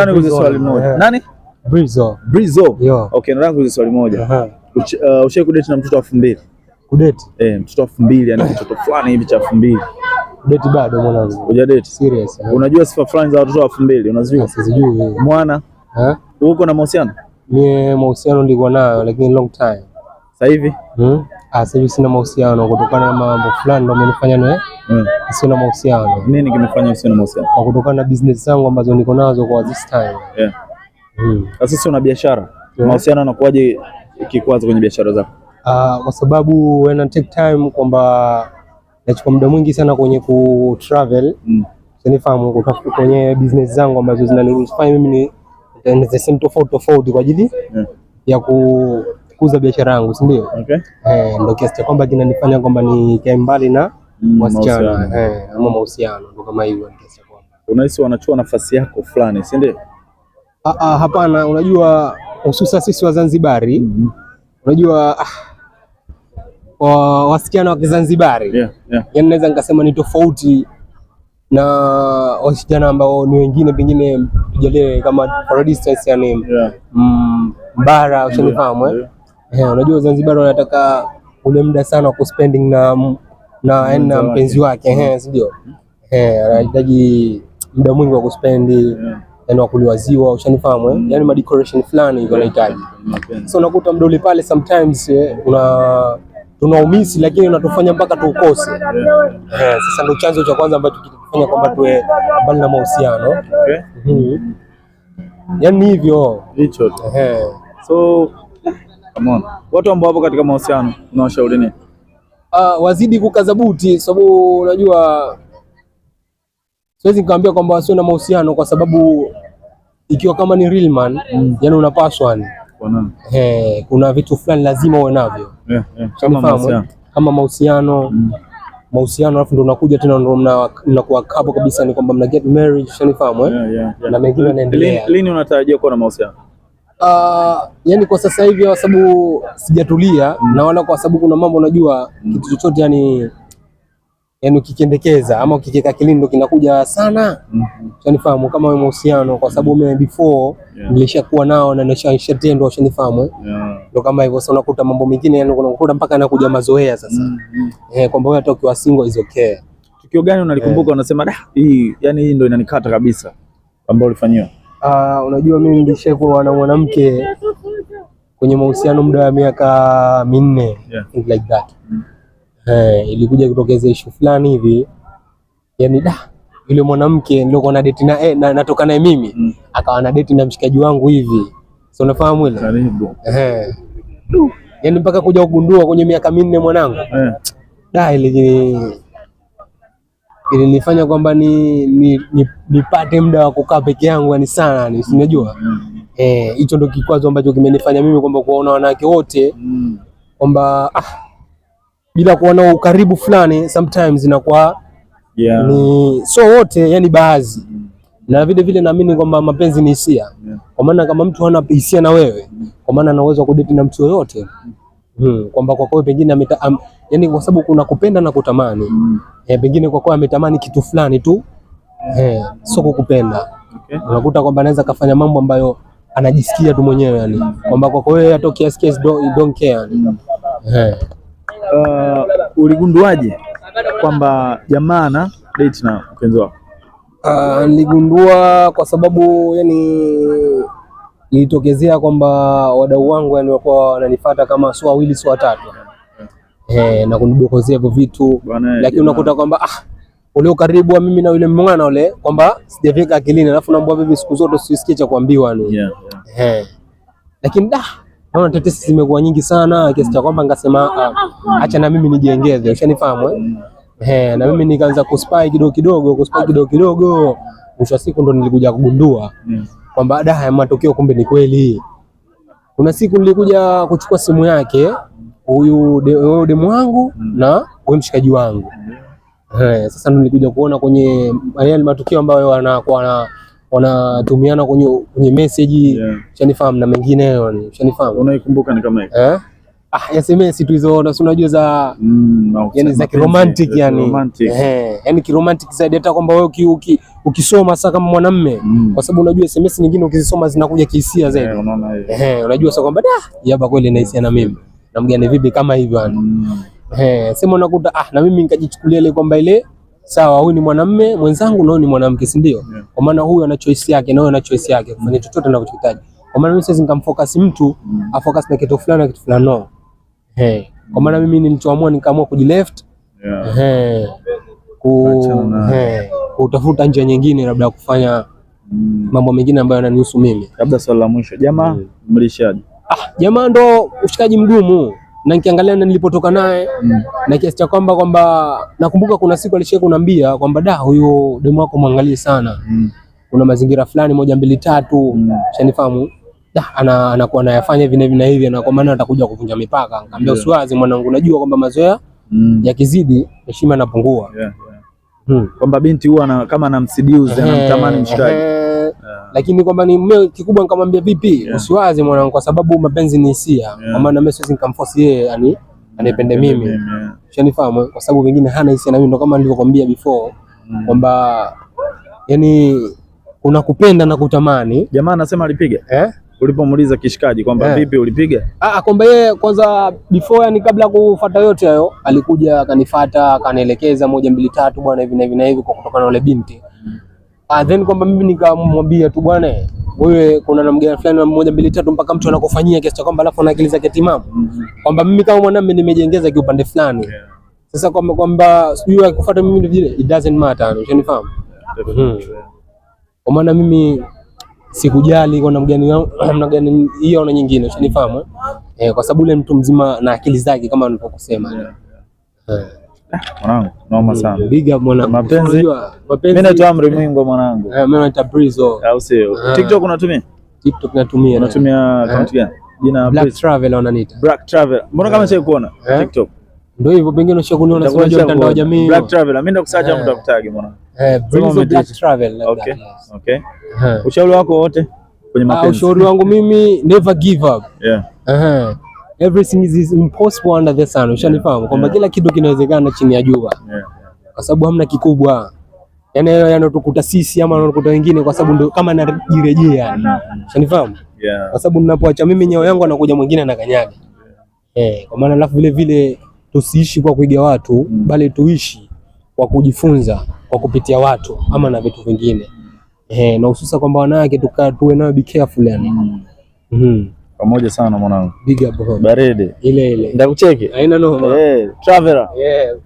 Nani nikuulize swali moja. Nani? Brizo. Brizo. Okay, nataka kuuliza swali moja. Uh, Ushawahi kudate na mtoto wa elfu mbili? Kudate? Eh, mtoto wa elfu yani mtoto fulani hivi cha elfu mbili. Kudate bado mwanangu. Hujadate? Serious. Eh. Unajua sifa fulani za watoto wa elfu mbili unazijua? Ah, sizijui. Mwana? Eh? Uko na mahusiano? Mimi eh, mahusiano nilikuwa nayo lakini long time. Sasa hivi? Hmm? Ah, sasa hivi sina mahusiano kutokana na mambo fulani ndio amenifanya naye Mm. sio na mahusiano. Nini kimefanya usio na mahusiano? Kwa kutokana na business zangu ambazo niko nazo kwa this time. Yeah. Mm. Sasa sio na biashara. Yeah. Mahusiano yanakuwaje ikikwaza kwenye biashara zako? Uh, kwa sababu when I take time kwamba nachukua muda mwingi sana kwenye ku travel. Mm. Sinifahamu kutafuta kwenye business zangu ambazo zinaniruhusu mimi ni and the same tofauti tofauti kwa ajili yeah. ya kuza biashara yangu, si ndio? Okay. Eh, ndio kiasi cha kwamba kinanifanya kwamba nikae mbali na Mm, wasichana eh, ama mahusiano ndo kama hivyo. Unahisi wanachua nafasi yako fulani, si ndio? Ah, ah Hapana, unajua hususa sisi Wazanzibari mm -hmm. Unajua ah, wa, wasichana wa Kizanzibari yeah, yeah. Yaani naweza nikasema ni tofauti na wasichana ambao ni wengine pengine tujalie kama Paradise, yani yeah. Mm, mbara ushanifahamu yeah, yeah. Eh, unajua Wazanzibari wanataka ule muda sana wa kuspending na na yaani na mpenzi wake, si ndio? Eh, anahitaji muda mwingi wa kuspendi yani wa kuliwaziwa, ushanifahamu, eh? Mm. yani ma decoration fulani hivyo anahitaji. So unakuta mdoli pale sometimes eh, una tunaumisi lakini unatufanya mpaka tuukose. Eh, sasa ndio chanzo cha kwanza ambacho kitakufanya kwamba tuwe mbali na mahusiano. Okay. mm Yaani hivyo. Hicho. Eh. So come on. Watu ambao wapo katika mahusiano unawashauri nini? uh, wazidi kukaza buti, sababu unajua siwezi nikamwambia kwamba wasio na mahusiano, kwa sababu ikiwa kama ni real man mm. Yani unapaswa ni kuna vitu fulani lazima uwe navyo yeah, yeah. Kama mahusiano mm. mahusiano alafu ndo unakuja tena ndo mnakuwa kapo kabisa, ni kwamba mna get married, shanifahamu eh? yeah, yeah, yeah. Na mengine yanaendelea. Lini unatarajia kuwa na mahusiano? Uh, yani kwa sasa hivi kwa sababu sijatulia mm. na wala kwa sababu kuna mambo unajua mm. kitu chochote yani yani ukikendekeza ama ukikeka kilindo kinakuja sana mm -hmm. kama wewe mahusiano, kwa sababu mimi mm. before yeah. nilishakuwa nao na nishatendwa, shanifahamu yeah. Ndo kama hivyo sasa, unakuta mambo mengine yani unakuta mpaka anakuja mazoea sasa mm -hmm. Eh, kwamba wewe hata ukiwa single is okay. Tukio gani unalikumbuka? Eh, unasema da hii yani hii ndo inanikata kabisa, ambao ulifanyiwa Uh, unajua mimi nilishakuwa na mwanamke kwenye mahusiano muda wa miaka minne yeah. like that mm. Eh, ilikuja kutokeza issue fulani hivi yani, da yule mwanamke nilikuwa na date na, eh, natoka naye mimi mm. akawa na date na mshikaji wangu hivi, so unafahamu ile karibu eh, yani mpaka kuja kugundua kwenye miaka minne mwanangu yeah. da ile ilinifanya kwamba ni nipate ni, ni muda wa kukaa peke yangu yani sana ni unajua mm. eh, hicho ndio kikwazo ambacho kimenifanya mimi kwamba kuona wanawake wote mm. kwamba ah, bila kuona ukaribu fulani sometimes inakuwa yeah. ni so wote yani baadhi mm. na vile vile naamini kwamba mapenzi ni hisia yeah. Kwa maana kama mtu hana hisia na wewe, kwa maana ana uwezo wa kudate na mtu yoyote hmm. Kwamba kwa kweli pengine yani kwa sababu kuna kupenda na kutamani mm. E, pengine kwa kuwa ametamani kitu fulani tu e, sio kukupenda okay. Unakuta kwamba anaweza kafanya mambo ambayo anajisikia tu mwenyewe yani kwamba kwako wewe hata kiasi kiasi don't care yani mm. E. Uh, uligunduaje kwamba jamaa na date na mpenzi wako? Uh, niligundua kwa sababu yani ilitokezea kwamba wadau wangu yani walikuwa wananifuata kama sio wawili sio watatu eh, na kunidokozea hivyo vitu, lakini unakuta kwamba ah, ule ukaribu wa mimi na yule mmoja na ule kwamba sijafika akilini, alafu naomba vipi, siku zote sisikie cha kuambiwa ni yeah, yeah. Eh, lakini da ah, naona tetesi zimekuwa nyingi sana kiasi cha kwamba ngasema ah, ah, ah. acha na mimi nijiengeze, ushanifahamu eh? Mm. Eh, na mimi nikaanza kuspy kidogo kidogo, kuspy kidogo kidogo, mwisho wa siku ndo nilikuja kugundua mm. kwamba da haya matokeo kumbe ni kweli. Kuna siku nilikuja kuchukua simu yake huyu demu de wangu mm. na huyu mshikaji wangu. Mm. He, eh, sasa ndo nilikuja kuona kwenye yani matukio ambayo wanakuwa na wanatumiana kwenye kwenye message ushanifahamu, yeah. na mengineyo ushanifahamu. Unaikumbuka ni kama hiyo eh? Ah, SMS tu hizo, si unajua za mm, no, yani za romantic yani eh, yani ki romantic zaidi, hata kwamba wewe uki, uki, ukisoma sasa kama mwanamme mm. kwa sababu unajua SMS nyingine ukizisoma zinakuja kihisia zaidi yeah, unaona hiyo eh, unajua sasa kwamba da yaba kweli na hisia na mimi na mgeni vipi kama hivyo mm. Eh, sema unakuta ah, na mimi nikajichukulia ile kwamba ile sawa, huyu ni mwanamume mwenzangu na huyu ni mwanamke, si ndio? Yeah. Kwa maana huyu ana choice yake na huyu ana choice yake kufanya chochote anachohitaji. Kwa maana mimi siwezi nikamfocus mtu mm. afocus na kitu fulani na kitu fulani no. Eh, hey. kwa maana mimi nilichoamua nikaamua kujileft yeah. Eh, ku eh, kutafuta njia nyingine labda ya kufanya mm. mambo mengine ambayo yananihusu mimi. Labda swali la mwisho, jamaa mlishaji mm ah, jamaa ndo ushikaji mgumu na nikiangalia na nilipotoka naye mm. na kiasi cha kwamba kwamba nakumbuka kuna siku alishia kuniambia kwamba da, huyo demu wako mwangalie sana mm. kuna mazingira fulani moja mbili tatu mm. shanifahamu ana anakuwa anayafanya hivi na hivi na hivi, na kwa maana atakuja kuvunja mipaka. Nikamwambia yeah. usiwazi mwanangu, najua kwamba mazoea mm. yakizidi heshima inapungua yeah, yeah. hmm. kwamba binti huwa kama anamsidiuzi anamtamani mshikaji lakini kwamba ni mume kikubwa, nikamwambia vipi, yeah. usiwaze mwanangu, kwa sababu mapenzi ni hisia, yeah. kwa maana mimi siwezi nikamforce yeye yani anipende yeah. mimi, ushanifahamu? Kwa sababu wengine hana hisia na mimi, ndo kama nilivyokuambia before mm. kwamba yani unakupenda na kutamani. Jamaa anasema alipiga eh? Ulipomuuliza kishikaji kwamba yeah. Vipi ulipiga? Ah, ah, kwamba yeye kwanza before, yani kabla ya kufuata yote hayo, alikuja akanifuata akanielekeza moja mbili tatu, bwana hivi na hivi na hivi, kwa kutokana na yule binti Ah, then kwamba mimi nikamwambia tu bwana, wewe kuna namna gani fulani mmoja mbili tatu mpaka mtu anakufanyia kiasi cha kwamba alafu ana akili zake timamu. Mm-hmm. Kwamba mimi kama mwanamume nimejengeza kiupande fulani. Sasa kwamba kwamba sijui akifuata mimi ndio vile, it doesn't matter, unanifahamu? Mm. Kwa maana mimi sikujali kwa namna gani hiyo na nyingine, unanifahamu? Eh? eh, kwa sababu yule mtu mzima na akili zake kama nilivyokusema. Yeah. Eh. Mwanangu, noma mm, sana. Big up mwanangu. Mapenzi. Mimi naitwa Amri Mwingo mwanangu. Eh, mimi naitwa Brizo. Au sio? Ah. TikTok unatumia? TikTok natumia. Eh. Unatumia eh. account gani? Jina Black Travel wananiita. Black Travel. Mbona kama eh. sio kuona TikTok? Ndio hivyo pengine unashia kuniona sio kwenye mtandao wa jamii. Black Travel. Mimi ndakusacha mtu akutagi mwanangu. Eh, Brizo Black Travel. Okay. Okay. Ushauri wako wote kwenye ah, mapenzi? Ushauri wangu mimi never give up. Yeah. Eh everything is impossible under the sun. Ushanifahamu kwamba kila kitu kinawezekana chini ya jua, kwa sababu hamna kikubwa yani yanotukuta sisi ama yanotukuta wengine, kwa sababu ndio kama najirejea, ushanifahamu kwa sababu ninapoacha mimi nyao yangu anakuja mwingine anakanyaga eh, kwa maana alafu vile vile tusiishi kwa kuiga watu mm, bali tuishi kwa kujifunza kwa kupitia watu ama na vitu vingine eh, na hususa kwamba wanawake tukaa tuwe nao be careful yani mm. Mm -hmm. Pamoja sana mwanangu. Big up. Baridi. Ile ile. Ndakucheki. Haina noma. Eh, traveler. Yeah.